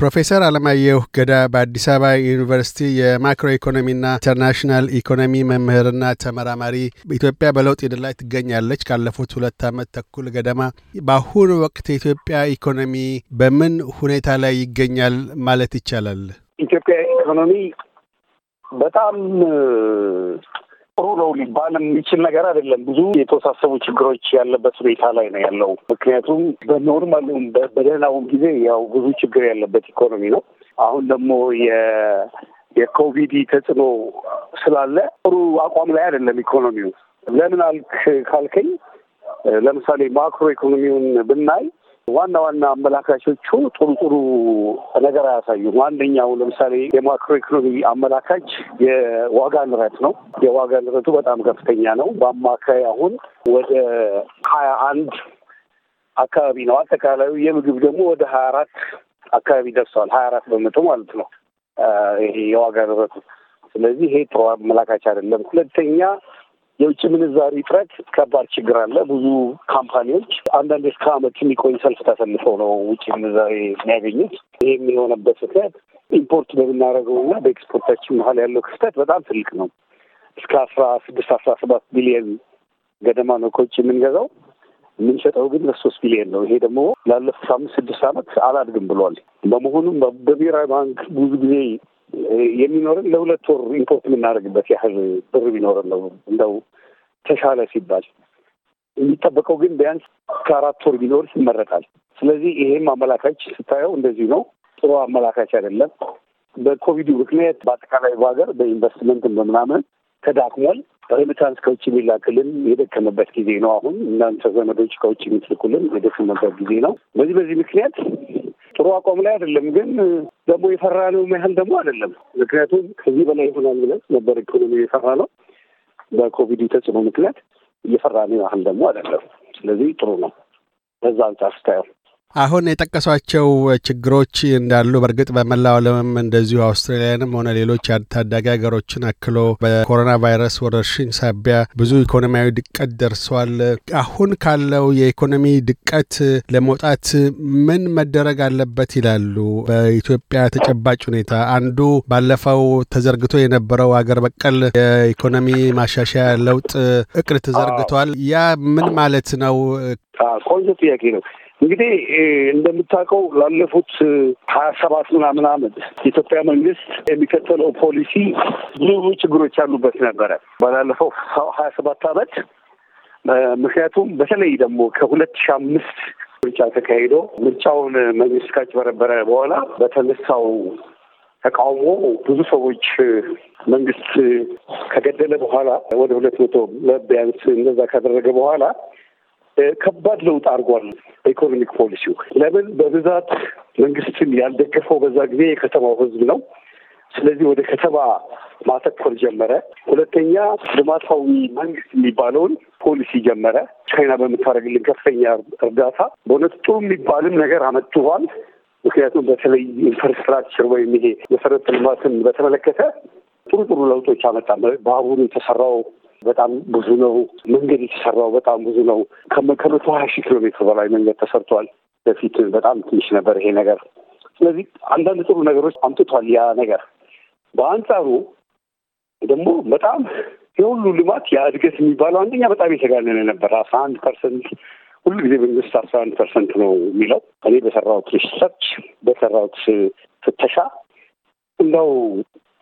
ፕሮፌሰር አለማየሁ ገዳ በአዲስ አበባ ዩኒቨርሲቲ የማክሮ ኢኮኖሚና ኢንተርናሽናል ኢኮኖሚ መምህርና ተመራማሪ፣ ኢትዮጵያ በለውጥ ሂደት ላይ ትገኛለች። ካለፉት ሁለት ዓመት ተኩል ገደማ በአሁኑ ወቅት የኢትዮጵያ ኢኮኖሚ በምን ሁኔታ ላይ ይገኛል ማለት ይቻላል? ኢትዮጵያ ኢኮኖሚ በጣም ጥሩ ነው ሊባል የሚችል ነገር አይደለም። ብዙ የተወሳሰቡ ችግሮች ያለበት ሁኔታ ላይ ነው ያለው። ምክንያቱም በኖርማሉም በደህናውም ጊዜ ያው ብዙ ችግር ያለበት ኢኮኖሚ ነው። አሁን ደግሞ የኮቪድ ተጽዕኖ ስላለ ጥሩ አቋም ላይ አይደለም ኢኮኖሚው። ለምን አልክ ካልከኝ፣ ለምሳሌ ማክሮ ኢኮኖሚውን ብናይ ዋና ዋና አመላካቾቹ ጥሩ ጥሩ ነገር አያሳዩም። አንደኛው ለምሳሌ የማክሮ ኢኮኖሚ አመላካች የዋጋ ንረት ነው። የዋጋ ንረቱ በጣም ከፍተኛ ነው። በአማካይ አሁን ወደ ሀያ አንድ አካባቢ ነው። አጠቃላዩ የምግብ ደግሞ ወደ ሀያ አራት አካባቢ ደርሰዋል። ሀያ አራት በመቶ ማለት ነው ይሄ የዋጋ ንረቱ። ስለዚህ ይሄ ጥሩ አመላካች አይደለም። ሁለተኛ የውጭ ምንዛሪ እጥረት ከባድ ችግር አለ። ብዙ ካምፓኒዎች አንዳንድ እስከ ዓመት የሚቆይ ሰልፍ ተሰልፈው ነው ውጭ ምንዛሪ የሚያገኙት። ይህም የሆነበት ምክንያት ኢምፖርት በምናደርገው እና በኤክስፖርታችን መሀል ያለው ክፍተት በጣም ትልቅ ነው። እስከ አስራ ስድስት አስራ ሰባት ቢሊየን ገደማ ነው ከውጭ የምንገዛው የምንሸጠው ግን ለሶስት ቢሊዮን ነው። ይሄ ደግሞ ላለፉት አምስት ስድስት ዓመት አላድግም ብሏል። በመሆኑም በብሔራዊ ባንክ ብዙ ጊዜ የሚኖርን ለሁለት ወር ኢምፖርት የምናደርግበት ያህል ብር ቢኖረን ነው እንደው ተሻለ ሲባል የሚጠበቀው ግን ቢያንስ ከአራት ወር ቢኖር ይመረጣል። ስለዚህ ይሄም አመላካች ስታየው እንደዚህ ነው፣ ጥሩ አመላካች አይደለም። በኮቪድ ምክንያት በአጠቃላይ በሀገር በኢንቨስትመንት በምናምን ተዳክሟል። ሬሚታንስ ከውጭ የሚላክልን የደከመበት ጊዜ ነው። አሁን እናንተ ዘመዶች ከውጭ የሚትልኩልን የደከመበት ጊዜ ነው። በዚህ በዚህ ምክንያት ጥሩ አቋም ላይ አይደለም። ግን ደግሞ የፈራ ነው ያህል ደግሞ አይደለም። ምክንያቱም ከዚህ በላይ ይሆናል ብለን ነበር ኢኮኖሚ የፈራ ነው። በኮቪድ ተጽዕኖ ምክንያት እየፈራ ነው ያህል ደግሞ አይደለም። ስለዚህ ጥሩ ነው በዛ አንጻር ስታየው አሁን የጠቀሷቸው ችግሮች እንዳሉ በእርግጥ በመላው ዓለምም እንደዚሁ አውስትራሊያንም ሆነ ሌሎች ታዳጊ ሀገሮችን አክሎ በኮሮና ቫይረስ ወረርሽኝ ሳቢያ ብዙ ኢኮኖሚያዊ ድቀት ደርሷል። አሁን ካለው የኢኮኖሚ ድቀት ለመውጣት ምን መደረግ አለበት ይላሉ? በኢትዮጵያ ተጨባጭ ሁኔታ አንዱ ባለፈው ተዘርግቶ የነበረው አገር በቀል የኢኮኖሚ ማሻሻያ ለውጥ እቅድ ተዘርግቷል። ያ ምን ማለት ነው? ቆንጆ ጥያቄ ነው። እንግዲህ እንደምታውቀው ላለፉት ሀያ ሰባት ምናምን አመት የኢትዮጵያ መንግስት የሚከተለው ፖሊሲ ብዙ ችግሮች ያሉበት ነበረ። ባላለፈው ሀያ ሰባት አመት ምክንያቱም በተለይ ደግሞ ከሁለት ሺ አምስት ምርጫ ተካሂዶ ምርጫውን መንግስት ካጭበረበረ በኋላ በተነሳው ተቃውሞ ብዙ ሰዎች መንግስት ከገደለ በኋላ ወደ ሁለት መቶ ቢያንስ እንደዛ ካደረገ በኋላ ከባድ ለውጥ አድርጓል ኢኮኖሚክ ፖሊሲው። ለምን በብዛት መንግስትን ያልደገፈው በዛ ጊዜ የከተማው ህዝብ ነው። ስለዚህ ወደ ከተማ ማተኮር ጀመረ። ሁለተኛ ልማታዊ መንግስት የሚባለውን ፖሊሲ ጀመረ። ቻይና በምታደርግልን ከፍተኛ እርዳታ በእውነት ጥሩ የሚባልም ነገር አመጥቷል። ምክንያቱም በተለይ ኢንፍራስትራክቸር ወይም ይሄ መሰረተ ልማትን በተመለከተ ጥሩ ጥሩ ለውጦች አመጣ። ባቡሩ የተሰራው በጣም ብዙ ነው። መንገድ የተሰራው በጣም ብዙ ነው። ከመቶ ሀያ ሺህ ኪሎ ሜትር በላይ መንገድ ተሰርቷል። በፊት በጣም ትንሽ ነበር ይሄ ነገር። ስለዚህ አንዳንድ ጥሩ ነገሮች አምጥቷል ያ ነገር። በአንጻሩ ደግሞ በጣም የሁሉ ልማት የእድገት የሚባለው አንደኛ በጣም የተጋነነ ነበር። አስራ አንድ ፐርሰንት ሁሉ ጊዜ መንግስት አስራ አንድ ፐርሰንት ነው የሚለው። እኔ በሰራሁት ሪሰርች በሰራሁት ፍተሻ እንደው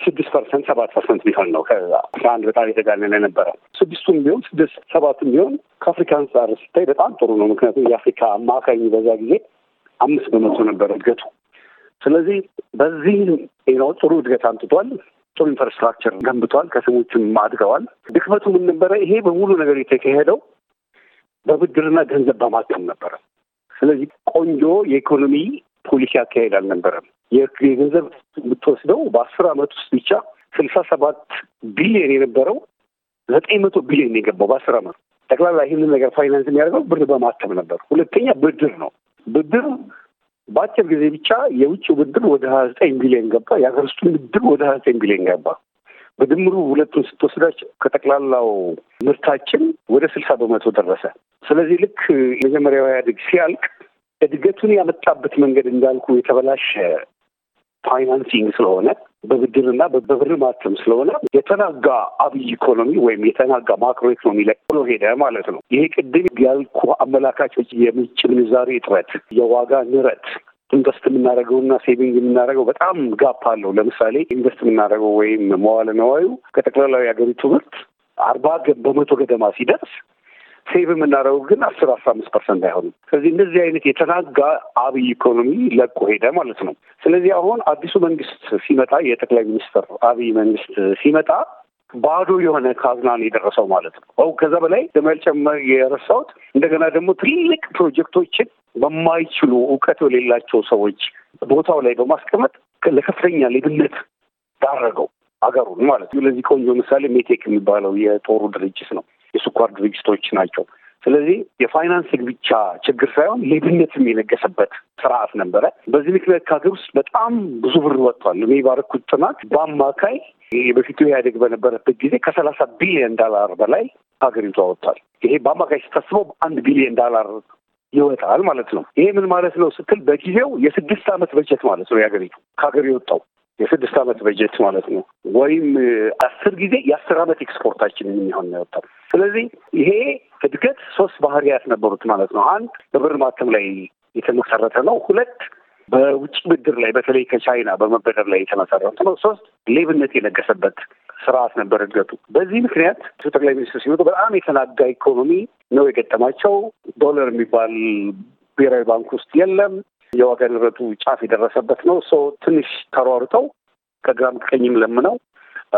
ስድስት ፐርሰንት ሰባት ፐርሰንት ቢሆን ነው ከአስራ አንድ በጣም የተጋነነ ነበረ። ስድስቱም ቢሆን ስድስት ሰባቱም ቢሆን ከአፍሪካ አንጻር ስታይ በጣም ጥሩ ነው። ምክንያቱም የአፍሪካ አማካኝ በዛ ጊዜ አምስት በመቶ ነበር እድገቱ። ስለዚህ በዚህ ነው ጥሩ እድገት አምጥቷል። ጥሩ ኢንፍራስትራክቸር ገንብቷል። ከስሞችም አድገዋል። ድክመቱ ምን ነበረ? ይሄ በሙሉ ነገር የተካሄደው በብድርና ገንዘብ በማተም ነበረ። ስለዚህ ቆንጆ የኢኮኖሚ ፖሊሲ አካሄድ አልነበረም። የገንዘብ የምትወስደው በአስር አመት ውስጥ ብቻ ስልሳ ሰባት ቢሊዮን የነበረው ዘጠኝ መቶ ቢሊዮን የገባው በአስር አመት ጠቅላላ ይህንን ነገር ፋይናንስ የሚያደርገው ብር በማተም ነበር። ሁለተኛ ብድር ነው። ብድር በአጭር ጊዜ ብቻ የውጭ ብድር ወደ ሀያ ዘጠኝ ቢሊዮን ገባ። የሀገር ውስጡ ብድር ወደ ሀያ ዘጠኝ ቢሊዮን ገባ። በድምሩ ሁለቱን ስትወስዳቸው ከጠቅላላው ምርታችን ወደ ስልሳ በመቶ ደረሰ። ስለዚህ ልክ መጀመሪያው ኢህአዴግ ሲያልቅ እድገቱን ያመጣበት መንገድ እንዳልኩ የተበላሸ ፋይናንሲንግ ስለሆነ በብድርና በብር ማተም ስለሆነ የተናጋ አብይ ኢኮኖሚ ወይም የተናጋ ማክሮ ኢኮኖሚ ላይ ሆኖ ሄደ ማለት ነው። ይሄ ቅድም ያልኩ አመላካቾች የምጭ ምንዛሬ እጥረት፣ የዋጋ ንረት ኢንቨስት የምናደርገውና ሴቪንግ የምናደርገው በጣም ጋፕ አለው። ለምሳሌ ኢንቨስት የምናደርገው ወይም መዋለ ነዋዩ ከጠቅላላዊ ሀገሪቱ ምርት አርባ በመቶ ገደማ ሲደርስ ሴቭ የምናደረጉ ግን አስር አስራ አምስት ፐርሰንት አይሆንም። ስለዚህ እንደዚህ አይነት የተናጋ አብይ ኢኮኖሚ ለቆ ሄደ ማለት ነው። ስለዚህ አሁን አዲሱ መንግስት ሲመጣ የጠቅላይ ሚኒስትር አብይ መንግስት ሲመጣ ባዶ የሆነ ካዝናን የደረሰው ማለት ነው። ከዛ በላይ ለመጨመር የረሳሁት እንደገና ደግሞ ትልቅ ፕሮጀክቶችን በማይችሉ እውቀት የሌላቸው ሰዎች ቦታው ላይ በማስቀመጥ ለከፍተኛ ሌብነት ዳረገው አገሩን ማለት ነው። ለዚህ ቆንጆ ምሳሌ ሜቴክ የሚባለው የጦሩ ድርጅት ነው። የስኳር ድርጅቶች ናቸው። ስለዚህ የፋይናንስ ብቻ ችግር ሳይሆን ሌብነትም የነገሰበት ስርዓት ነበረ። በዚህ ምክንያት ከሀገር ውስጥ በጣም ብዙ ብር ወጥቷል። እኔ ባረኩት ጥናት በአማካይ በፊቱ ኢህአዴግ በነበረበት ጊዜ ከሰላሳ ቢሊዮን ዳላር በላይ ሀገሪቷ ወጥቷል። ይሄ በአማካይ ስታስበው በአንድ ቢሊዮን ዳላር ይወጣል ማለት ነው። ይሄ ምን ማለት ነው ስትል በጊዜው የስድስት ዓመት በጀት ማለት ነው የሀገሪቱ ከሀገር የወጣው የስድስት ዓመት በጀት ማለት ነው። ወይም አስር ጊዜ የአስር ዓመት ኤክስፖርታችን የሚሆን ነው ያወጣል። ስለዚህ ይሄ እድገት ሶስት ባህሪያት ነበሩት ማለት ነው። አንድ በብር ማተም ላይ የተመሰረተ ነው። ሁለት በውጭ ብድር ላይ በተለይ ከቻይና በመበደር ላይ የተመሰረተ ነው። ሶስት ሌብነት የነገሰበት ስርዓት ነበር እድገቱ። በዚህ ምክንያት ጠቅላይ ሚኒስትር ሲመጡ በጣም የተናጋ ኢኮኖሚ ነው የገጠማቸው። ዶለር የሚባል ብሔራዊ ባንክ ውስጥ የለም። የዋጋ ንረቱ ጫፍ የደረሰበት ነው። ሰው ትንሽ ተሯርተው ከግራም ከቀኝም ለምነው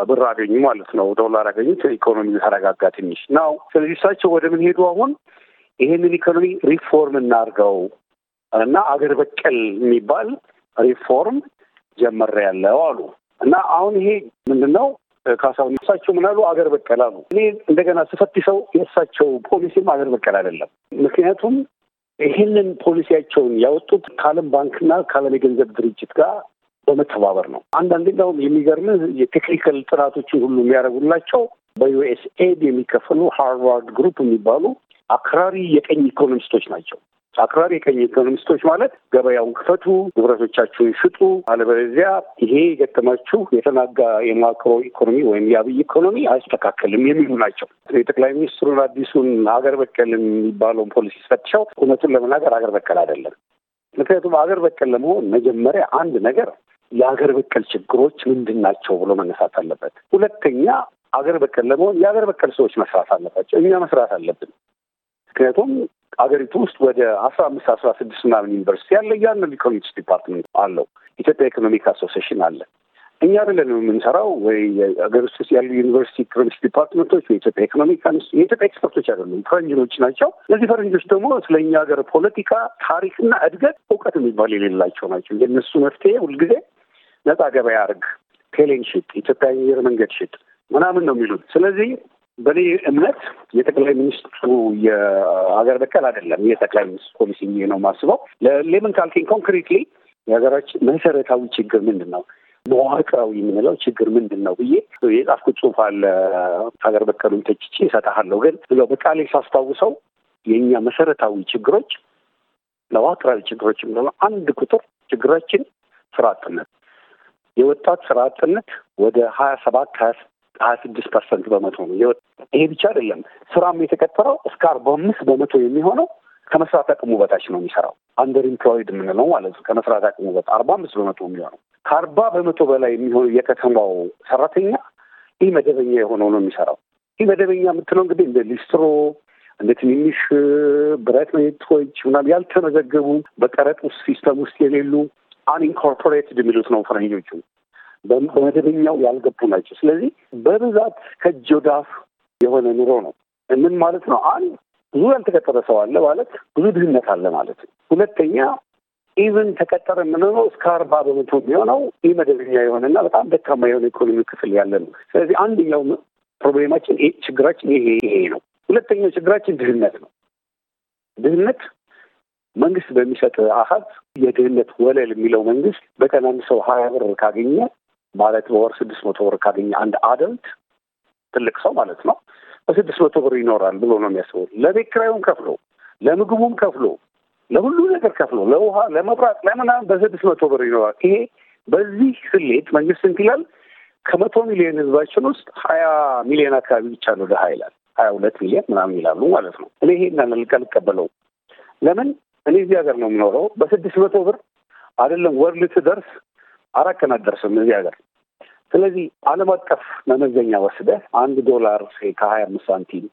ብር አገኙ ማለት ነው። ዶላር አገኙ። ኢኮኖሚ ተረጋጋ ትንሽ ነው። ስለዚህ እሳቸው ወደ ምን ሄዱ? አሁን ይሄንን ኢኮኖሚ ሪፎርም እናርገው እና አገር በቀል የሚባል ሪፎርም ጀመረ ያለው አሉ እና አሁን ይሄ ምንድን ነው? ካሳሁን እሳቸው ምን አሉ? አገር በቀል አሉ። እኔ እንደገና ስፈትሸው የእሳቸው ፖሊሲም አገር በቀል አይደለም። ምክንያቱም ይህንን ፖሊሲያቸውን ያወጡት ከዓለም ባንክና ከዓለም የገንዘብ ድርጅት ጋር በመተባበር ነው። አንዳንዴ አሁን የሚገርም የቴክኒካል ጥናቶችን ሁሉ የሚያደርጉላቸው በዩኤስኤድ የሚከፈሉ ሃርቫርድ ግሩፕ የሚባሉ አክራሪ የቀኝ ኢኮኖሚስቶች ናቸው። አክራሪ የቀኝ ኢኮኖሚስቶች ማለት ገበያውን ክፈቱ፣ ንብረቶቻችሁን ሽጡ፣ አለበለዚያ ይሄ የገጠማችሁ የተናጋ የማክሮ ኢኮኖሚ ወይም የአብይ ኢኮኖሚ አይስተካከልም የሚሉ ናቸው። የጠቅላይ ሚኒስትሩን አዲሱን ሀገር በቀል የሚባለውን ፖሊሲ ፈትሸው እውነቱን ለመናገር ሀገር በቀል አይደለም። ምክንያቱም ሀገር በቀል ለመሆን መጀመሪያ አንድ ነገር የሀገር በቀል ችግሮች ምንድን ናቸው ብሎ መነሳት አለበት። ሁለተኛ አገር በቀል ለመሆን የሀገር በቀል ሰዎች መስራት አለባቸው። እኛ መስራት አለብን። ምክንያቱም አገሪቱ ውስጥ ወደ አስራ አምስት አስራ ስድስት ምናምን ዩኒቨርሲቲ ያለ እያንዳንዱ ኢኮኖሚክስ ዲፓርትመንት አለው። ኢትዮጵያ ኢኮኖሚክ አሶሴሽን አለ። እኛ አይደለን የምንሰራው ወይ ሀገር ውስጥ ያሉ ዩኒቨርሲቲ ኢኮኖሚክስ ዲፓርትመንቶች የኢትዮጵያ ኢኮኖሚክ የኢትዮጵያ ኤክስፐርቶች አይደሉም፣ ፈረንጆች ናቸው። እነዚህ ፈረንጆች ደግሞ ስለ እኛ ሀገር ፖለቲካ፣ ታሪክና እድገት እውቀት የሚባል የሌላቸው ናቸው። የእነሱ መፍትሄ ሁልጊዜ ነጻ ገበያ አርግ፣ ቴሌን ሽጥ፣ ኢትዮጵያ አየር መንገድ ሽጥ ምናምን ነው የሚሉት። ስለዚህ በእኔ እምነት የጠቅላይ ሚኒስትሩ የሀገር በቀል አይደለም። ይህ ጠቅላይ ሚኒስትር ፖሊሲ ነው የማስበው። ለምን ካልኪን ኮንክሪትሊ የሀገራችን መሰረታዊ ችግር ምንድን ነው መዋቅራዊ የምንለው ችግር ምንድን ነው ብዬ የጻፍኩት ጽሁፍ አለ። ሀገር በቀሉን ተችቼ ይሰጠሃለሁ። ግን ብለው በቃሌ ሳስታውሰው የእኛ መሰረታዊ ችግሮች ለዋቅራዊ ችግሮች የምንለው አንድ ቁጥር ችግራችን ስራ አጥነት፣ የወጣት ስራ አጥነት ወደ ሀያ ሰባት ሀያ ስድስት ፐርሰንት በመቶ ነው። ይሄ ብቻ አይደለም። ስራም የተቀጠረው እስከ አርባ አምስት በመቶ የሚሆነው ከመስራት አቅሙ በታች ነው የሚሰራው። አንደር ኢምፕሎይድ የምንለው ማለት ነው። ከመስራት አቅሙ በታች አርባ አምስት በመቶ የሚሆነው ከአርባ በመቶ በላይ የሚሆነው የከተማው ሰራተኛ ይህ መደበኛ የሆነው ነው የሚሰራው። ይህ መደበኛ የምትለው እንግዲህ እንደ ሊስትሮ እንደ ትንንሽ ብረት ቤቶች ምናምን ያልተመዘገቡ በቀረጥ ሲስተም ውስጥ የሌሉ አንኢንኮርፖሬትድ የሚሉት ነው ፈረንጆቹ። በመደበኛው ያልገቡ ናቸው። ስለዚህ በብዛት ከእጅ ወደ አፍ የሆነ ኑሮ ነው። ምን ማለት ነው? አንድ ብዙ ያልተቀጠረ ሰው አለ ማለት ብዙ ድህነት አለ ማለት ነው። ሁለተኛ ኢቨን ተቀጠረ የምንለው እስከ አርባ በመቶ የሚሆነው ይህ መደበኛ የሆነና በጣም ደካማ የሆነ ኢኮኖሚ ክፍል ያለ ነው። ስለዚህ አንደኛው ፕሮብሌማችን ችግራችን ይሄ ይሄ ነው። ሁለተኛው ችግራችን ድህነት ነው። ድህነት መንግስት በሚሰጥ አሀዝ የድህነት ወለል የሚለው መንግስት በቀን አንድ ሰው ሀያ ብር ካገኘ ማለት በወር ስድስት መቶ ብር ካገኘ አንድ አደልት ትልቅ ሰው ማለት ነው በስድስት መቶ ብር ይኖራል ብሎ ነው የሚያስበው። ለቤት ኪራዩም ከፍሎ ለምግቡም ከፍሎ ለሁሉ ነገር ከፍሎ ለውሃ፣ ለመብራት፣ ለምናምን በስድስት መቶ ብር ይኖራል። ይሄ በዚህ ስሌት መንግስት እንትን ይላል። ከመቶ ሚሊዮን ህዝባችን ውስጥ ሀያ ሚሊዮን አካባቢ ብቻ ነው ድሀ ይላል። ሀያ ሁለት ሚሊዮን ምናምን ይላሉ ማለት ነው። እኔ ይሄ እናንልቀ ልቀበለው ለምን እኔ እዚህ ሀገር ነው የምኖረው። በስድስት መቶ ብር አይደለም ወር ልትደርስ አራት ቀን አትደርስም እዚህ ሀገር። ስለዚህ አለም አቀፍ መመዘኛ ወስደ አንድ ዶላር ከሀያ አምስት ሳንቲም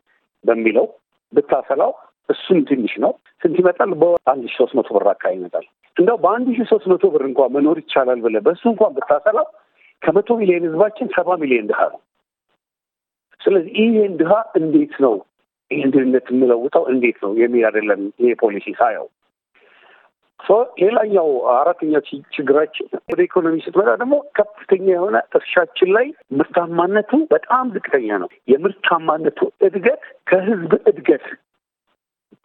በሚለው ብታሰላው እሱም ትንሽ ነው። ስንት ይመጣል? በአንድ ሺ ሶስት መቶ ብር አካባቢ ይመጣል። እንደው በአንድ ሺ ሶስት መቶ ብር እንኳን መኖር ይቻላል ብለ በእሱ እንኳን ብታሰላው ከመቶ ሚሊዮን ህዝባችን ሰባ ሚሊዮን ድሃ ነው። ስለዚህ ይህን ድሃ እንዴት ነው ይህን ድህነት የምለውጠው እንዴት ነው የሚል አይደለም ይሄ ፖሊሲ ሳየው ሌላኛው አራተኛ ችግራችን ወደ ኢኮኖሚ ስትመጣ ደግሞ ከፍተኛ የሆነ እርሻችን ላይ ምርታማነቱ በጣም ዝቅተኛ ነው። የምርታማነቱ እድገት ከህዝብ እድገት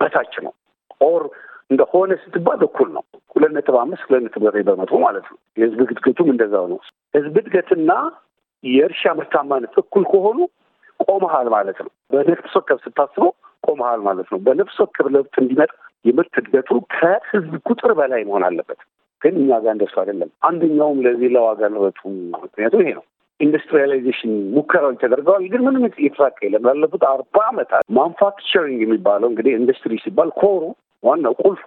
በታች ነው። ኦር እንደሆነ ስትባል እኩል ነው። ሁለት ነጥብ አምስት ሁለት ነጥብ ዘጠኝ በመቶ ማለት ነው። የህዝብ ግድግቱም እንደዛው ነው። ህዝብ እድገትና የእርሻ ምርታማነት እኩል ከሆኑ ቆመሃል ማለት ነው። በነፍስ ወከፍ ስታስበው ቆመሃል ማለት ነው። በነፍስ ወከፍ ለውጥ እንዲመጣ የምርት እድገቱ ከህዝብ ቁጥር በላይ መሆን አለበት። ግን እኛ ጋር እንደሱ አይደለም። አንደኛውም ለዚህ ለዋጋ ንረቱ ምክንያቱ ይሄ ነው። ኢንዱስትሪያላይዜሽን ሙከራዎች ተደርገዋል፣ ግን ምንም የተሳካ የለም። ላለፉት አርባ ዓመታት ማንፋክቸሪንግ የሚባለው እንግዲህ ኢንዱስትሪ ሲባል ኮሩ ዋናው ቁልፉ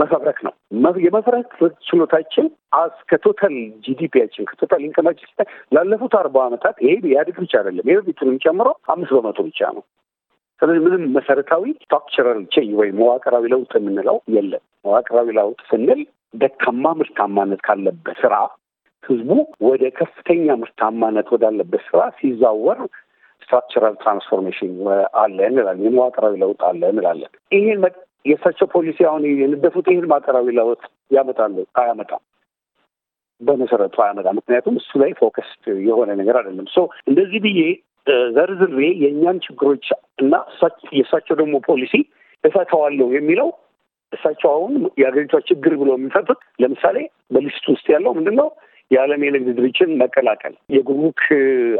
መፈብረክ ነው። የመፈረክ ችሎታችን ከቶታል ጂዲፒያችን ከቶታል ኢንከማችን ላለፉት አርባ ዓመታት ይሄ ያድግ ብቻ አይደለም ይህ ቢቱንም ጨምሮ አምስት በመቶ ብቻ ነው። ስለዚህ ምንም መሰረታዊ ስትራክቸራል ቼንጅ ወይም መዋቅራዊ ለውጥ የምንለው የለም። መዋቅራዊ ለውጥ ስንል ደካማ ምርታማነት ካለበት ስራ ህዝቡ ወደ ከፍተኛ ምርታማነት ወዳለበት ስራ ሲዛወር ስትራክቸራል ትራንስፎርሜሽን አለ እንላለን። የመዋቅራዊ ለውጥ አለ እንላለን። ይሄን የእሳቸው ፖሊሲ አሁን የነደፉት ይህን መዋቅራዊ ለውጥ ያመጣሉ? አያመጣም። በመሰረቱ አያመጣ። ምክንያቱም እሱ ላይ ፎከስ የሆነ ነገር አይደለም። ሶ እንደዚህ ብዬ ዘርዝሬ የእኛን ችግሮች እና የእሳቸው ደግሞ ፖሊሲ እፈታዋለሁ የሚለው እሳቸው አሁን የሀገሪቷ ችግር ብሎ የሚፈቱት ለምሳሌ በሊስት ውስጥ ያለው ምንድን ነው? የዓለም የንግድ ድርጅትን መቀላቀል፣ የጉምሩክ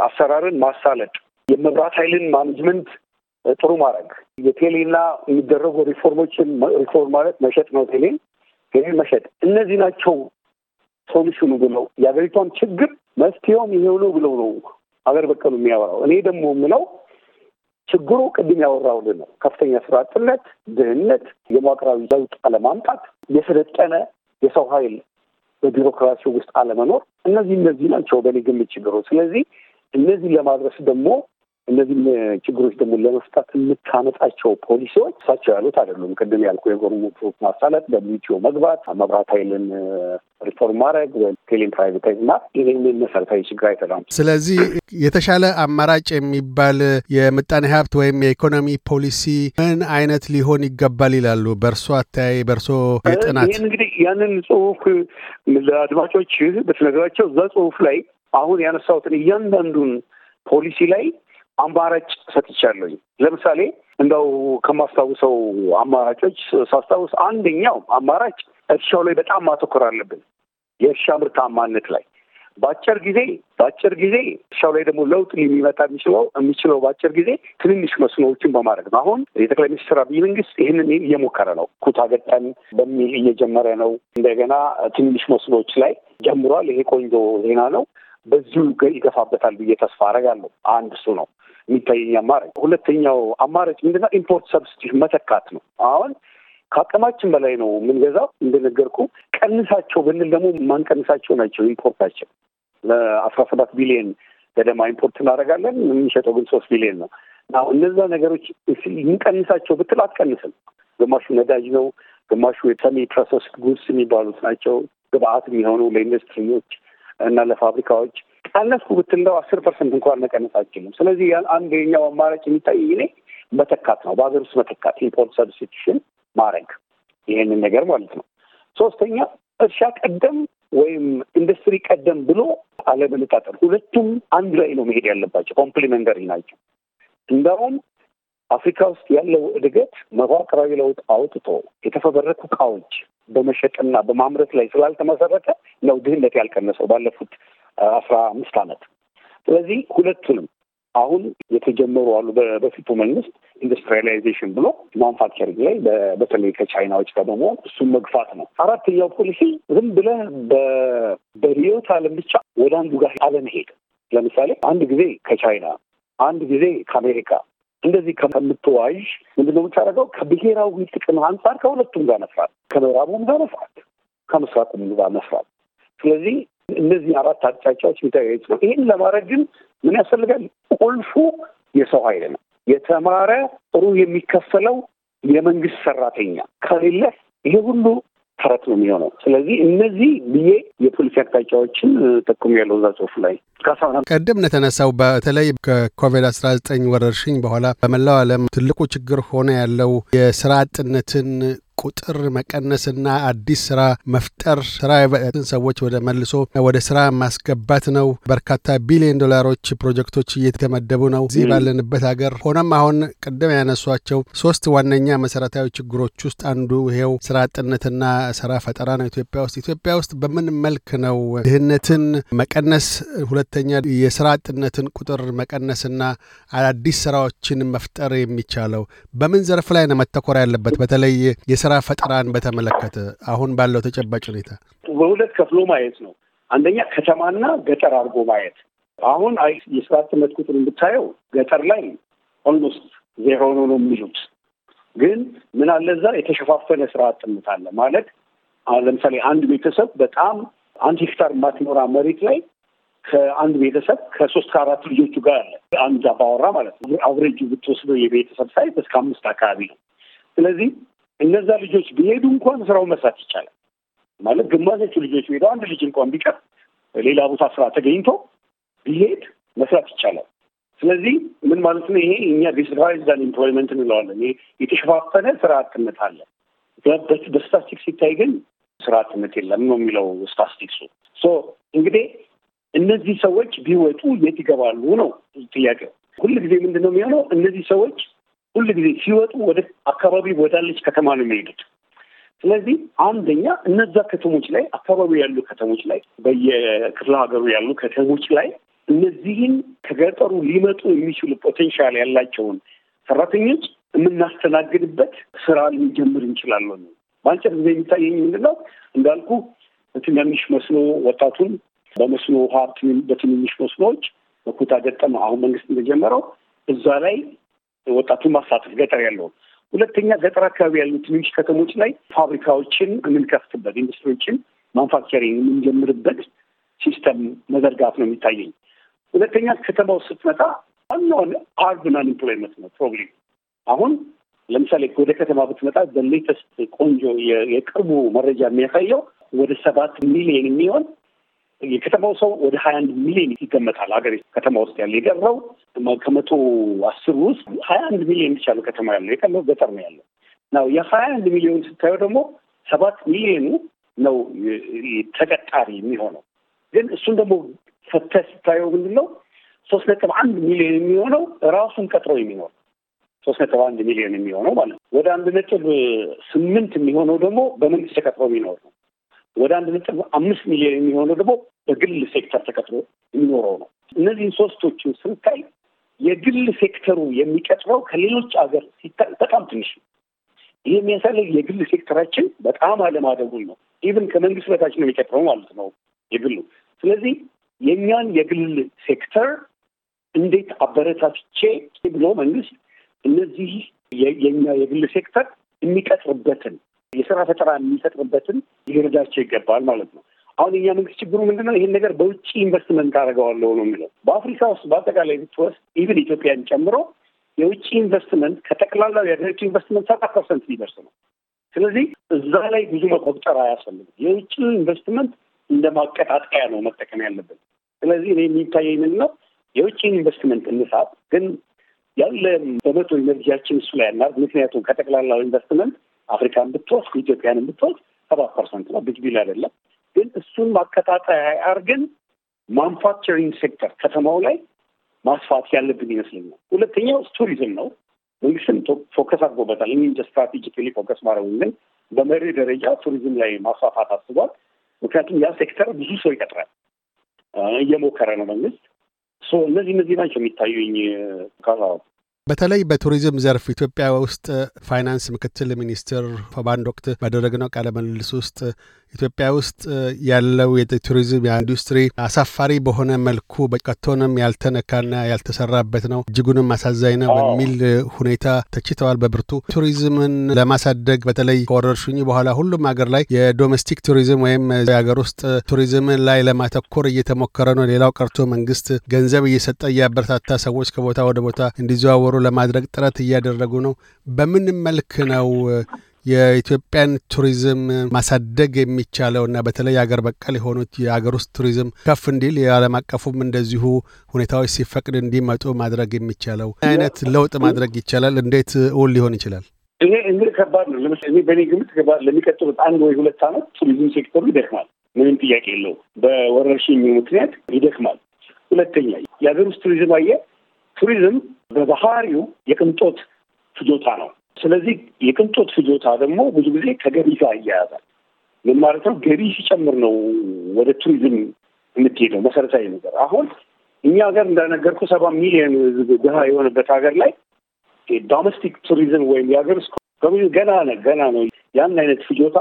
አሰራርን ማሳለጥ፣ የመብራት ኃይልን ማኔጅመንት ጥሩ ማድረግ፣ የቴሌና የሚደረጉ ሪፎርሞችን ሪፎርም ማለት መሸጥ ነው። ቴሌን ቴሌን መሸጥ እነዚህ ናቸው ሶሉሽኑ ብለው የሀገሪቷን ችግር መፍትሄውም ይሄው ነው ብለው ነው ሀገር በቀሉ የሚያወራው። እኔ ደግሞ የምለው ችግሩ ቅድም ያወራውልን ነው። ከፍተኛ ስራ አጥነት፣ ድህነት፣ የመዋቅራዊ ለውጥ አለማምጣት፣ የሰለጠነ የሰው ኃይል በቢሮክራሲ ውስጥ አለመኖር፣ እነዚህ እነዚህ ናቸው በእኔ ግምት ችግሮች። ስለዚህ እነዚህ ለማድረስ ደግሞ እነዚህም ችግሮች ደግሞ ለመፍታት የምታመጣቸው ፖሊሲዎች እሳቸው ያሉት አይደሉም። ቅድም ያልኩ የጎርሙት ማሳለጥ፣ ደብሊውቲኦ መግባት፣ መብራት ኃይልን ሪፎርም ማድረግ ወይም ቴሌን ፕራይቬታይዝ እና ይህንን መሰረታዊ ችግር አይተላም። ስለዚህ የተሻለ አማራጭ የሚባል የምጣኔ ሀብት ወይም የኢኮኖሚ ፖሊሲ ምን አይነት ሊሆን ይገባል ይላሉ? በእርሶ አተያይ፣ በእርሶ ጥናት። ይህን እንግዲህ ያንን ጽሁፍ ለአድማጮች ብትነግራቸው እዛ ጽሁፍ ላይ አሁን ያነሳሁትን እያንዳንዱን ፖሊሲ ላይ አማራጭ ሰጥቻለሁ። ለምሳሌ እንደው ከማስታውሰው አማራጮች ሳስታውስ አንደኛው አማራጭ እርሻው ላይ በጣም ማተኮር አለብን፣ የእርሻ ምርታማነት ላይ በአጭር ጊዜ በአጭር ጊዜ እርሻው ላይ ደግሞ ለውጥ የሚመጣ የሚችለው የሚችለው በአጭር ጊዜ ትንንሽ መስኖዎችን በማድረግ ነው። አሁን የጠቅላይ ሚኒስትር አብይ መንግስት ይህንን እየሞከረ ነው። ኩታ ገጠም በሚል እየጀመረ ነው። እንደገና ትንንሽ መስኖዎች ላይ ጀምሯል። ይሄ ቆንጆ ዜና ነው። በዚሁ ይገፋበታል ብዬ ተስፋ አረጋለሁ። አንድ እሱ ነው የሚታየኝ አማራጭ። ሁለተኛው አማራጭ ምንድነው? ኢምፖርት ሰብስቲ መተካት ነው። አሁን ከአቅማችን በላይ ነው የምንገዛው። እንደነገርኩ ቀንሳቸው ብንል ደግሞ ማንቀንሳቸው ናቸው ኢምፖርታቸው ለአስራ ሰባት ቢሊየን ገደማ ኢምፖርት እናደርጋለን። የሚሸጠው ግን ሶስት ቢሊየን ነው። አሁን እነዛ ነገሮች እንቀንሳቸው ብትል አትቀንስም። ግማሹ ነዳጅ ነው፣ ግማሹ የሰሚ ፕሮሰስድ ጉድስ የሚባሉት ናቸው፣ ግብአት የሚሆኑ ለኢንዱስትሪዎች እና ለፋብሪካዎች ቀነስኩ ብትለው አስር ፐርሰንት እንኳን መቀነስ አይችልም። ስለዚህ አንድ የኛው አማራጭ የሚታይ እኔ መተካት ነው፣ በሀገር ውስጥ መተካት ኢምፖርት ሰብስቲሽን ማድረግ ይህንን ነገር ማለት ነው። ሶስተኛ እርሻ ቀደም ወይም ኢንዱስትሪ ቀደም ብሎ አለመነጣጠር፣ ሁለቱም አንድ ላይ ነው መሄድ ያለባቸው፣ ኮምፕሊመንተሪ ናቸው። እንደውም አፍሪካ ውስጥ ያለው እድገት መዋቅራዊ ለውጥ አውጥቶ የተፈበረኩ እቃዎች በመሸጥና በማምረት ላይ ስላልተመሰረተ ነው ድህነት ያልቀነሰው ባለፉት አስራ አምስት አመት። ስለዚህ ሁለቱንም አሁን የተጀመሩ አሉ። በፊቱ መንግስት ኢንዱስትሪላይዜሽን ብሎ ማንፋክቸሪንግ ላይ በተለይ ከቻይናዎች ጋር በመሆን መግፋት ነው። አራተኛው ፖሊሲ ዝም ብለህ በርዕዮተ ዓለም ብቻ ወደ አንዱ ጋር አለመሄድ። ለምሳሌ አንድ ጊዜ ከቻይና አንድ ጊዜ ከአሜሪካ እንደዚህ ከምትዋዥ ምንድነው የምታደርገው? ከብሔራዊ ጥቅም አንጻር ከሁለቱም ጋር መስራት፣ ከምዕራቡም ጋር መስራት፣ ከምስራቁም ጋር መስራት። ስለዚህ እነዚህ አራት አቅጫጫዎች የሚተያዩት ነው። ይህን ለማድረግ ግን ምን ያስፈልጋል? ቁልፉ የሰው ኃይል ነው። የተማረ ጥሩ የሚከፈለው የመንግስት ሰራተኛ ከሌለ ይሄ ሁሉ ተረት ነው የሚሆነው። ስለዚህ እነዚህ ብዬ የፖሊሲ አቅጣጫዎችን ጠቁም ያለው እዛ ጽሁፍ ላይ ቀደም እንደተነሳው በተለይ ከኮቪድ አስራ ዘጠኝ ወረርሽኝ በኋላ በመላው ዓለም ትልቁ ችግር ሆነ ያለው የስራ አጥነትን ቁጥር መቀነስና አዲስ ስራ መፍጠር ስራ ያጡትን ሰዎች ወደ መልሶ ወደ ስራ ማስገባት ነው። በርካታ ቢሊዮን ዶላሮች ፕሮጀክቶች እየተመደቡ ነው እዚህ ባለንበት ሀገር። ሆኖም አሁን ቅድም ያነሷቸው ሶስት ዋነኛ መሰረታዊ ችግሮች ውስጥ አንዱ ይሄው ስራ አጥነትና ስራ ፈጠራ ነው። ኢትዮጵያ ውስጥ ኢትዮጵያ ውስጥ በምን መልክ ነው ድህነትን መቀነስ፣ ሁለተኛ የስራ አጥነትን ቁጥር መቀነስና አዳዲስ ስራዎችን መፍጠር የሚቻለው በምን ዘርፍ ላይ ነው መተኮር ያለበት? በተለይ የስራ ፈጠራን በተመለከተ አሁን ባለው ተጨባጭ ሁኔታ በሁለት ከፍሎ ማየት ነው። አንደኛ ከተማና ገጠር አድርጎ ማየት። አሁን የስራ አጥነት ቁጥር ብታየው ገጠር ላይ ኦልሞስት ዜሮ ነው ነው የሚሉት ግን ምን አለ እዛ የተሸፋፈነ ስራ አጥነት አለ ማለት ለምሳሌ አንድ ቤተሰብ በጣም አንድ ሄክታር ማትኖራ መሬት ላይ ከአንድ ቤተሰብ ከሶስት ከአራት ልጆቹ ጋር አለ። አንድ አባወራ ማለት ነው። አብሬጁ ብትወስደው የቤተሰብ ሳይት እስከ አምስት አካባቢ ነው። ስለዚህ እነዛ ልጆች ቢሄዱ እንኳን ስራው መስራት ይቻላል። ማለት ግማሾቹ ልጆች ሄደው አንድ ልጅ እንኳን ቢቀር ሌላ ቦታ ስራ ተገኝቶ ቢሄድ መስራት ይቻላል። ስለዚህ ምን ማለት ነው? ይሄ እኛ ዲስራይዝ ኤምፕሎይመንት እንለዋለን። ይሄ የተሸፋፈነ ስራ አጥነት አለ። በስታስቲክ ሲታይ ግን ስራ አጥነት የለም ነው የሚለው ስታስቲክሱ። እንግዲህ እነዚህ ሰዎች ቢወጡ የት ይገባሉ ነው ጥያቄው። ሁልጊዜ ምንድን ነው የሚሆነው? እነዚህ ሰዎች ሁል ጊዜ ሲወጡ ወደ አካባቢ ወዳለች ከተማ ነው የሚሄዱት። ስለዚህ አንደኛ እነዛ ከተሞች ላይ አካባቢ ያሉ ከተሞች ላይ በየክፍለ ሀገሩ ያሉ ከተሞች ላይ እነዚህን ከገጠሩ ሊመጡ የሚችሉ ፖቴንሻል ያላቸውን ሰራተኞች የምናስተናግድበት ስራ ልንጀምር እንችላለን። በአጭር ጊዜ የሚታየኝ ምንድነው እንዳልኩ በትንንሽ መስኖ ወጣቱን በመስኖ ውሃ በትንንሽ መስኖዎች በኩታ ገጠመ። አሁን መንግስት እንደጀመረው እዛ ላይ ወጣቱን ማሳተፍ ገጠር ያለውን ሁለተኛ ገጠር አካባቢ ያሉ ትንሽ ከተሞች ላይ ፋብሪካዎችን የምንከፍትበት ኢንዱስትሪዎችን ማንፋክቸሪንግ የምንጀምርበት ሲስተም መዘርጋት ነው የሚታየኝ። ሁለተኛ ከተማው ስትመጣ ዋናውን አርብን አንኤምፕሎይመንት ነው ፕሮብሌም። አሁን ለምሳሌ ወደ ከተማ ብትመጣ በሌተስት ቆንጆ የቅርቡ መረጃ የሚያሳየው ወደ ሰባት ሚሊዮን የሚሆን የከተማው ሰው ወደ ሀያ አንድ ሚሊዮን ይገመታል። ሀገር ከተማ ውስጥ ያለ የቀረው ከመቶ አስር ውስጥ ሀያ አንድ ሚሊዮን ብቻ ነው ከተማ ያለው፣ የቀረው ገጠር ነው ያለው። ናው የሀያ አንድ ሚሊዮን ስታየው ደግሞ ሰባት ሚሊዮኑ ነው ተቀጣሪ የሚሆነው። ግን እሱን ደግሞ ፈተ ስታየው ምንድን ነው ሶስት ነጥብ አንድ ሚሊዮን የሚሆነው ራሱን ቀጥሮ የሚኖር ሶስት ነጥብ አንድ ሚሊዮን የሚሆነው ማለት ነው። ወደ አንድ ነጥብ ስምንት የሚሆነው ደግሞ በመንግስት ተቀጥሮ የሚኖር ነው። ወደ አንድ ነጥብ አምስት ሚሊዮን የሚሆነው ደግሞ በግል ሴክተር ተቀጥሮ የሚኖረው ነው። እነዚህን ሶስቶችን ስንታይ የግል ሴክተሩ የሚቀጥረው ከሌሎች ሀገር በጣም ትንሽ ነው። ይህ የሚያሳየው የግል ሴክተራችን በጣም አለማደጉን ነው። ኢቭን ከመንግስት በታች ነው የሚቀጥረው ማለት ነው የግሉ። ስለዚህ የእኛን የግል ሴክተር እንዴት አበረታትቼ ብሎ መንግስት እነዚህ የእኛ የግል ሴክተር የሚቀጥርበትን የስራ ፈጠራ የሚፈጥርበትን ሊረዳቸው ይገባል ማለት ነው። አሁን የኛ መንግስት ችግሩ ምንድነው? ይህን ነገር በውጭ ኢንቨስትመንት አደርገዋለሁ ነው የሚለው። በአፍሪካ ውስጥ በአጠቃላይ ብትወስድ ኢቭን ኢትዮጵያን ጨምሮ የውጭ ኢንቨስትመንት ከጠቅላላው የሀገሪቱ ኢንቨስትመንት ሰባ ፐርሰንት ሊደርስ ነው። ስለዚህ እዛ ላይ ብዙ መቆጠር አያስፈልግም። የውጭ ኢንቨስትመንት እንደ ማቀጣጠያ ነው መጠቀም ያለብን። ስለዚህ እኔ የሚታየኝ ምንድን ነው የውጭ ኢንቨስትመንት እንሳብ ግን ያለ በመቶ ኢነርጂያችን እሱ ላይ ያናር ምክንያቱም ከጠቅላላው ኢንቨስትመንት አፍሪካን ብትወስድ ኢትዮጵያን ብትወስድ ሰባት ፐርሰንት ነው። ቢግ ዲል አይደለም። ግን እሱን ማቀጣጠያ አድርገን ማንፋክቸሪንግ ሴክተር ከተማው ላይ ማስፋት ያለብን ይመስለኛል። ሁለተኛው ቱሪዝም ነው። መንግስትም ፎከስ አድርጎበታል። ይህ እንደ ስትራቴጂካሊ ፎከስ ማድረጉ ግን በመሪ ደረጃ ቱሪዝም ላይ ማስፋፋት አስቧል። ምክንያቱም ያ ሴክተር ብዙ ሰው ይቀጥራል። እየሞከረ ነው መንግስት። እነዚህ እነዚህ ናቸው የሚታዩኝ ካሳሁን። በተለይ በቱሪዝም ዘርፍ ኢትዮጵያ ውስጥ ፋይናንስ ምክትል ሚኒስትር በአንድ ወቅት ባደረግነው ቃለ ምልልስ ውስጥ ኢትዮጵያ ውስጥ ያለው የቱሪዝም ኢንዱስትሪ አሳፋሪ በሆነ መልኩ በቀቶንም ያልተነካና ያልተሰራበት ነው፣ እጅጉንም አሳዛኝ ነው በሚል ሁኔታ ተችተዋል። በብርቱ ቱሪዝምን ለማሳደግ በተለይ ከወረርሽኝ በኋላ ሁሉም ሀገር ላይ የዶሜስቲክ ቱሪዝም ወይም የሀገር ውስጥ ቱሪዝምን ላይ ለማተኮር እየተሞከረ ነው። ሌላው ቀርቶ መንግስት ገንዘብ እየሰጠ እያበረታታ ሰዎች ከቦታ ወደ ቦታ እንዲዘዋወሩ ለማድረግ ጥረት እያደረጉ ነው። በምን መልክ ነው የኢትዮጵያን ቱሪዝም ማሳደግ የሚቻለው እና በተለይ አገር በቀል የሆኑት የአገር ውስጥ ቱሪዝም ከፍ እንዲል የዓለም አቀፉም እንደዚሁ ሁኔታዎች ሲፈቅድ እንዲመጡ ማድረግ የሚቻለው አይነት ለውጥ ማድረግ ይቻላል? እንዴት እውን ሊሆን ይችላል? ይሄ እንግዲህ ከባድ ነው። ለምሳሌ እኔ በእኔ ግምት ለሚቀጥሉት አንድ ወይ ሁለት ዓመት ቱሪዝም ሴክተሩ ይደክማል። ምንም ጥያቄ የለው። በወረርሽኝ ምክንያት ይደክማል። ሁለተኛ የሀገር ውስጥ ቱሪዝም አየ ቱሪዝም በባህሪው የቅንጦት ፍጆታ ነው። ስለዚህ የቅንጦት ፍጆታ ደግሞ ብዙ ጊዜ ከገቢ ጋር እያያዛል። ምን ማለት ነው? ገቢ ሲጨምር ነው ወደ ቱሪዝም የምትሄደው መሰረታዊ ነገር። አሁን እኛ ሀገር እንዳነገርኩ ሰባ ሚሊዮን ህዝብ ድሃ የሆነበት ሀገር ላይ ዶሜስቲክ ቱሪዝም ወይም የሀገር ውስጥ ገና ነ ገና ነው። ያን አይነት ፍጆታ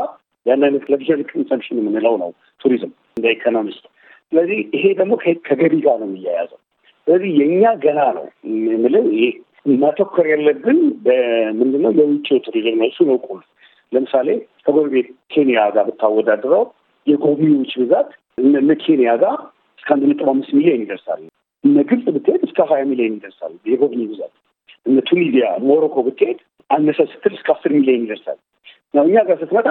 ያን አይነት ለግዠሪ ኮንሰምሽን የምንለው ነው ቱሪዝም እንደ ኢኮኖሚስት። ስለዚህ ይሄ ደግሞ ከገቢ ጋር ነው የሚያያዘው። ስለዚህ የእኛ ገና ነው የምልህ ይሄ ማተኮር ያለብን በምንድነው የውጭው ቱሪዝም ነው። እሱ ነው ቁልፍ። ለምሳሌ ከጎረቤት ኬንያ ጋር ብታወዳድረው የጎብኚዎች ብዛት እነ ኬንያ ጋር እስከ አንድ ነጥብ አምስት ሚሊዮን ይደርሳል። እነ ግብጽ ብትሄድ እስከ ሀያ ሚሊዮን ይደርሳል የጎብኚ ብዛት። እነ ቱኒዚያ፣ ሞሮኮ ብትሄድ አነሰ ስትል እስከ አስር ሚሊዮን ይደርሳል። ያው እኛ ጋር ስትመጣ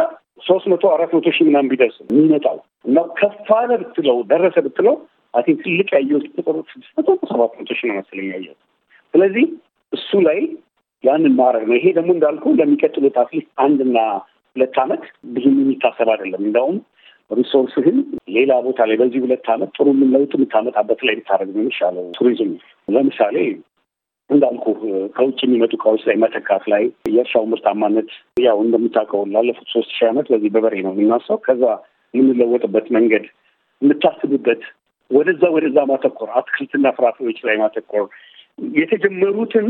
ሶስት መቶ አራት መቶ ሺህ ምናም ቢደርስ የሚመጣው እና ከፋለ ብትለው ደረሰ ብትለው አይ ቲንክ ትልቅ ያየሁት ቁጥር ስድስት መቶ ሰባት መቶ ሺህ ነው መሰለኝ ያየሁት። ስለዚህ እሱ ላይ ያንን ማድረግ ነው። ይሄ ደግሞ እንዳልኩ ለሚቀጥሉት አትሊስት አንድና ሁለት ዓመት ብዙም የሚታሰብ አይደለም። እንደውም ሪሶርስህን ሌላ ቦታ ላይ በዚህ ሁለት ዓመት ጥሩ ለውጥ የምታመጣበት ላይ ብታደርግ ነው የሚሻለው። ቱሪዝም ለምሳሌ እንዳልኩ ከውጭ የሚመጡ እቃዎች ላይ መተካት ላይ የእርሻው ምርታማነት ያው እንደምታውቀው ላለፉት ሶስት ሺህ ዓመት በዚህ በበሬ ነው የምናሰው። ከዛ የምንለወጥበት መንገድ የምታስብበት ወደዛ ወደዛ ማተኮር፣ አትክልትና ፍራፍሬዎች ላይ ማተኮር የተጀመሩትን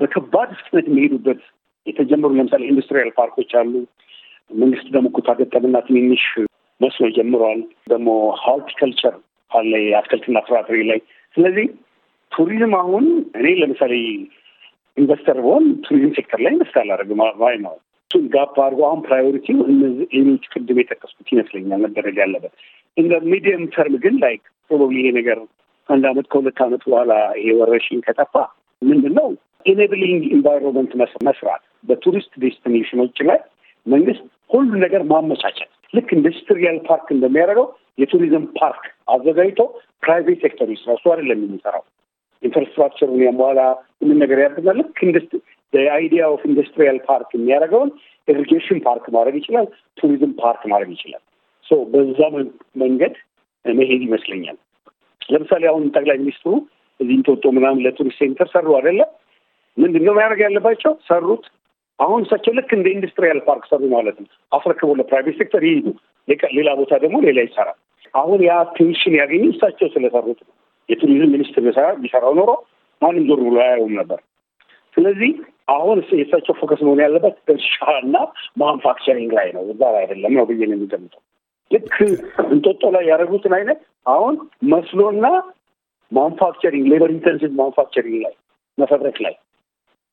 በከባድ ፍጥነት የሚሄዱበት የተጀመሩ ለምሳሌ ኢንዱስትሪያል ፓርኮች አሉ። መንግስት ደግሞ ኩታገጠምና ትንንሽ መስኖ ጀምረዋል። ደግሞ ሆርቲከልቸር አለ የአትክልትና ፍራፍሬ ላይ። ስለዚህ ቱሪዝም አሁን እኔ ለምሳሌ ኢንቨስተር በሆን ቱሪዝም ሴክተር ላይ ኢንቨስት አላደርግም ማይ ነው። እሱን ጋፕ አድርጎ አሁን ፕራዮሪቲ እነዚህ ሌሎች ቅድም የጠቀስኩት ይመስለኛል መደረግ ያለበት። እንደ ሚዲየም ተርም ግን ላይክ ፕሮባብሊ ይሄ ነገር አንድ አመት ከሁለት አመት በኋላ ይሄ ወረርሽኝ ከጠፋ ምንድን ነው ኢኔብሊንግ ኢንቫይሮንመንት መስራት በቱሪስት ዴስቲኔሽኖች ላይ መንግስት ሁሉ ነገር ማመቻቸት ልክ ኢንዱስትሪያል ፓርክ እንደሚያደርገው የቱሪዝም ፓርክ አዘጋጅቶ ፕራይቬት ሴክተር ውስጥ ራሱ አይደለም የሚሰራው ኢንፍራስትራክቸሩን ያሟላ ምን ነገር ያደርጋ። ልክ አይዲያ ኦፍ ኢንዱስትሪያል ፓርክ የሚያደርገውን ኢሪጌሽን ፓርክ ማድረግ ይችላል፣ ቱሪዝም ፓርክ ማድረግ ይችላል። በዛ መንገድ መሄድ ይመስለኛል። ለምሳሌ አሁን ጠቅላይ ሚኒስትሩ እዚህ እንጦጦ ምናምን ለቱሪስት ሴንተር ሰሩ አይደለም ምንድን ነው ማድረግ ያለባቸው? ሰሩት። አሁን እሳቸው ልክ እንደ ኢንዱስትሪያል ፓርክ ሰሩ ማለት ነው። አስረክቦ ለፕራይቬት ሴክተር ይሄዱ፣ ሌላ ቦታ ደግሞ ሌላ ይሰራል። አሁን ያ ፔንሽን ያገኙ እሳቸው ስለሰሩት ነው። የቱሪዝም ሚኒስትር ቢሰራው ኖሮ ማንም ዞር ብሎ አያየውም ነበር። ስለዚህ አሁን የእሳቸው ፎከስ መሆን ያለበት እርሻና ማንፋክቸሪንግ ላይ ነው፣ እዛ ላይ አይደለም ነው ብዬ ነው የሚገምጠው። ልክ እንጦጦ ላይ ያደረጉትን አይነት አሁን መስሎና ማንፋክቸሪንግ ሌበር ኢንተንሲቭ ማንፋክቸሪንግ ላይ መፈብረክ ላይ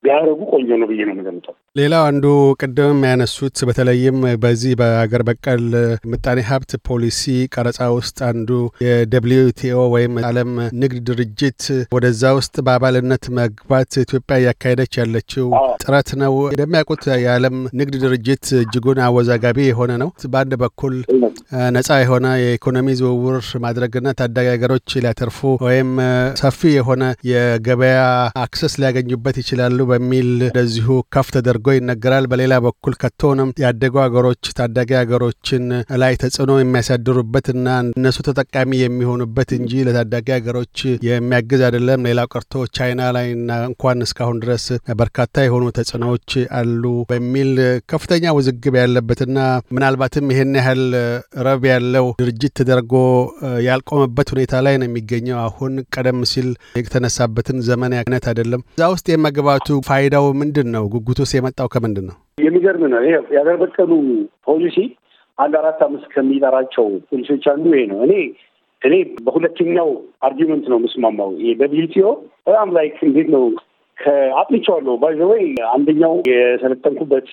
ቢያደረጉ ቆንጆ ነው ብዬ ነው የምገምጠው። ሌላው አንዱ ቅድምም ያነሱት በተለይም በዚህ በሀገር በቀል ምጣኔ ሀብት ፖሊሲ ቀረጻ ውስጥ አንዱ የደብሊዩቲኦ ወይም ዓለም ንግድ ድርጅት ወደዛ ውስጥ በአባልነት መግባት ኢትዮጵያ እያካሄደች ያለችው ጥረት ነው። እንደሚያውቁት የዓለም ንግድ ድርጅት እጅጉን አወዛጋቢ የሆነ ነው። በአንድ በኩል ነጻ የሆነ የኢኮኖሚ ዝውውር ማድረግና ታዳጊ ሀገሮች ሊያተርፉ ወይም ሰፊ የሆነ የገበያ አክሰስ ሊያገኙበት ይችላሉ በሚል እንደዚሁ ከፍ ተደርጎ ይነገራል። በሌላ በኩል ከቶንም ያደጉ ሀገሮች ታዳጊ ሀገሮችን ላይ ተጽዕኖ የሚያሳድሩበትና እነሱ ተጠቃሚ የሚሆኑበት እንጂ ለታዳጊ ሀገሮች የሚያግዝ አይደለም። ሌላው ቀርቶ ቻይና ላይ እንኳን እስካሁን ድረስ በርካታ የሆኑ ተጽዕኖዎች አሉ በሚል ከፍተኛ ውዝግብ ያለበትና ምናልባትም ይህን ያህል ረብ ያለው ድርጅት ተደርጎ ያልቆመበት ሁኔታ ላይ ነው የሚገኘው። አሁን ቀደም ሲል የተነሳበትን ዘመን አይነት አይደለም። እዛ ውስጥ የመግባቱ ፋይዳው ምንድን ነው? ጉጉቱስ የመጣው ከምንድን ነው? የሚገርም ነው። ይኸው የአገር በቀሉ ፖሊሲ አንድ አራት አምስት ከሚጠራቸው ፖሊሲዎች አንዱ ይሄ ነው። እኔ እኔ በሁለተኛው አርጊመንት ነው የምስማማው። በቢቲኦ በጣም ላይ እንዴት ነው አጥንቼዋለሁ። ባይዘወይ አንደኛው የሰለጠንኩበት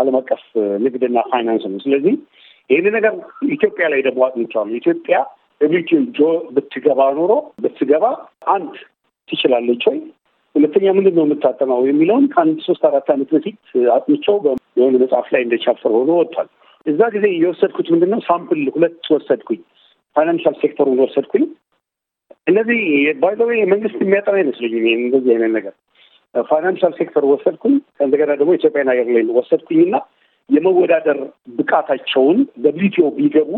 ዓለም አቀፍ ንግድና ፋይናንስ ነው። ስለዚህ ይህን ነገር ኢትዮጵያ ላይ ደግሞ አጥንቼዋለሁ። ኢትዮጵያ ጆ ብትገባ ኖሮ ብትገባ አንድ ትችላለች ወይ ሁለተኛ ምንድን ነው የምታጠናው የሚለውን ከአንድ ሶስት አራት ዓመት በፊት አጥንቸው የሆነ መጽሐፍ ላይ እንደ ቻፕተር ሆኖ ወጥቷል። እዛ ጊዜ የወሰድኩት ምንድን ነው ሳምፕል ሁለት ወሰድኩኝ። ፋይናንሻል ሴክተሩን ወሰድኩኝ። እነዚህ ባይዘዌ መንግስት የሚያጠና አይመስለኝም። እንደዚህ አይነት ነገር ፋይናንሻል ሴክተር ወሰድኩኝ። ከእንደገና ደግሞ ኢትዮጵያን አገር ላይ ወሰድኩኝና የመወዳደር ብቃታቸውን ደብሊቲዮ ቢገቡ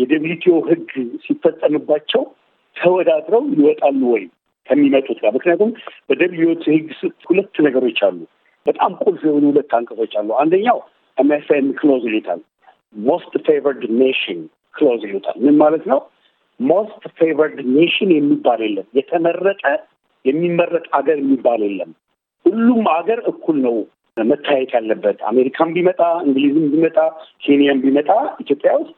የደብሊቲዮ ህግ ሲፈጸምባቸው ተወዳድረው ይወጣሉ ወይም ከሚመጡት ጋር ምክንያቱም በደብሊዮት ህግ ስጥ ሁለት ነገሮች አሉ። በጣም ቁልፍ የሆኑ ሁለት አንቀጾች አሉ። አንደኛው ኤምኤፍኤን ክሎዝ ይሉታል። ሞስት ፌቨርድ ኔሽን ክሎዝ ይሉታል። ምን ማለት ነው? ሞስት ፌቨርድ ኔሽን የሚባል የለም። የተመረጠ የሚመረጥ አገር የሚባል የለም። ሁሉም አገር እኩል ነው መታየት ያለበት። አሜሪካን ቢመጣ፣ እንግሊዝም ቢመጣ፣ ኬንያም ቢመጣ ኢትዮጵያ ውስጥ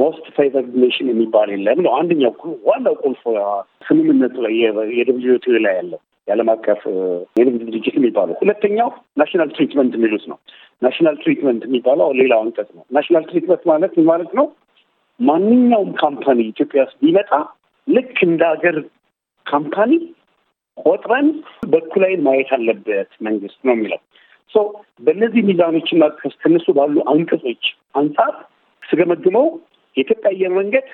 ሞስት ፌቨርድ ኔሽን የሚባል የለም ነው አንደኛው ዋናው ቁልፎ ስምምነቱ ላይ የደብሊዩ ላይ ያለው የዓለም አቀፍ የንግድ ድርጅት የሚባለው። ሁለተኛው ናሽናል ትሪትመንት የሚሉት ነው። ናሽናል ትሪትመንት የሚባለው ሌላው አንቀጽ ነው። ናሽናል ትሪትመንት ማለት ማለት ነው ማንኛውም ካምፓኒ ኢትዮጵያ ውስጥ ቢመጣ ልክ እንደ ሀገር ካምፓኒ ቆጥረን በኩል ማየት አለበት መንግስት ነው የሚለው በእነዚህ ሚዛኖችና ከነሱ ባሉ አንቀጾች አንጻር ስገመግመው የኢትዮጵያ አየር መንገድ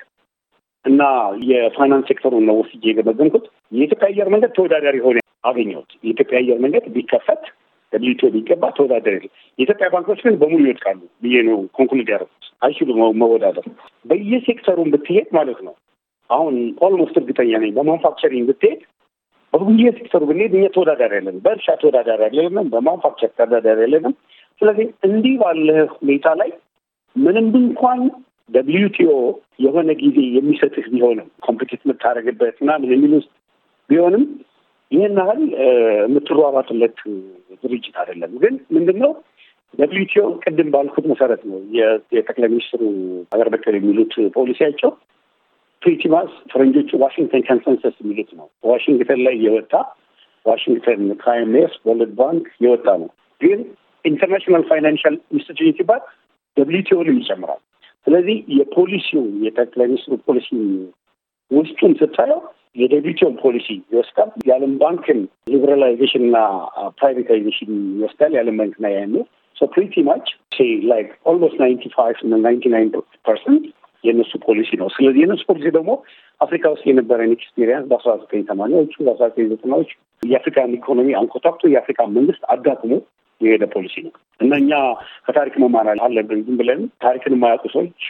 እና የፋይናንስ ሴክተሩን ነው ወስጄ የገመገምኩት። የኢትዮጵያ አየር መንገድ ተወዳዳሪ ሆነ አገኘሁት። የኢትዮጵያ አየር መንገድ ቢከፈት ለብቶ ቢገባ ተወዳዳሪ፣ የኢትዮጵያ ባንኮች ግን በሙሉ ይወድቃሉ ብዬ ነው ኮንክሉድ ያደረኩት። አይችሉም መወዳደር። በየሴክተሩን ብትሄድ ማለት ነው አሁን ኦልሞስት እርግጠኛ ነኝ በማንፋክቸሪንግ ብትሄድ በየሴክተሩ ብንሄድ እኛ ተወዳዳሪ ያለን፣ በእርሻ ተወዳዳሪ ያለንም፣ በማንፋክቸር ተወዳዳሪ ያለንም። ስለዚህ እንዲህ ባለ ሁኔታ ላይ ምንም እንኳን ደብሊዩ ቲኦ የሆነ ጊዜ የሚሰጥህ ቢሆንም ኮምፕሊኬት የምታደርግበት ምናምን የሚል ውስጥ ቢሆንም ይህን ያህል የምትሯሯጥለት ድርጅት አይደለም። ግን ምንድን ነው ደብልዩ ቲኦ ቅድም ባልኩት መሰረት ነው የጠቅላይ ሚኒስትሩ ሀገር በቀል የሚሉት ፖሊሲያቸው ፕሪቲማስ ፈረንጆቹ ዋሽንግተን ኮንሰንሰስ የሚሉት ነው። ዋሽንግተን ላይ የወጣ ዋሽንግተን ከአይኤምኤፍ ወርልድ ባንክ የወጣ ነው። ግን ኢንተርናሽናል ፋይናንሻል ኢንስቲትዩት ይባል ደብልዩ ይጨምራል። ስለዚህ የፖሊሲው የጠቅላይ ሚኒስትሩ ፖሊሲ ውስጡን ስታየው የደቢቸውን ፖሊሲ ይወስዳል። የዓለም ባንክን ሊበራላይዜሽን እና ፕራይቬታይዜሽን ይወስዳል። የዓለም ያ ያኔ ፕሪቲ ማች ላይክ ኦልሞስት ናይንቲ ፋይቭ እና ናይንቲ ናይን ፐርሰንት የእነሱ ፖሊሲ ነው። ስለዚህ የእነሱ ፖሊሲ ደግሞ አፍሪካ ውስጥ የነበረን ኤክስፔሪንስ በአስራ ዘጠኝ ሰማንያዎቹ በአስራ ዘጠኝ ዘጠናዎች የአፍሪካን ኢኮኖሚ አንኮታክቶ የአፍሪካ መንግስት አጋጥሞ የሄደ ፖሊሲ ነው እና እኛ ከታሪክ መማር አለብን። ዝም ብለን ታሪክን የማያውቁ ሰዎች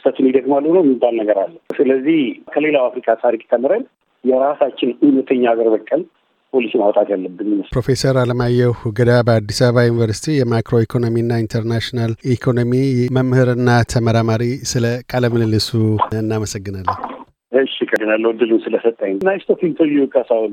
ስህተቱን ይደግማሉ ነው የሚባል ነገር አለ። ስለዚህ ከሌላው አፍሪካ ታሪክ ተምረን የራሳችን እውነተኛ ሀገር በቀል ፖሊሲ ማውጣት ያለብን ይመስል። ፕሮፌሰር አለማየሁ ገዳ በአዲስ አበባ ዩኒቨርሲቲ የማክሮ ኢኮኖሚና ኢንተርናሽናል ኢኮኖሚ መምህርና ተመራማሪ፣ ስለ ቃለ ምልልሱ እናመሰግናለን። እሺ፣ ቀድናለሁ እድሉን ስለሰጠኝ ናይስ ቶኪንግ ካሳሁን።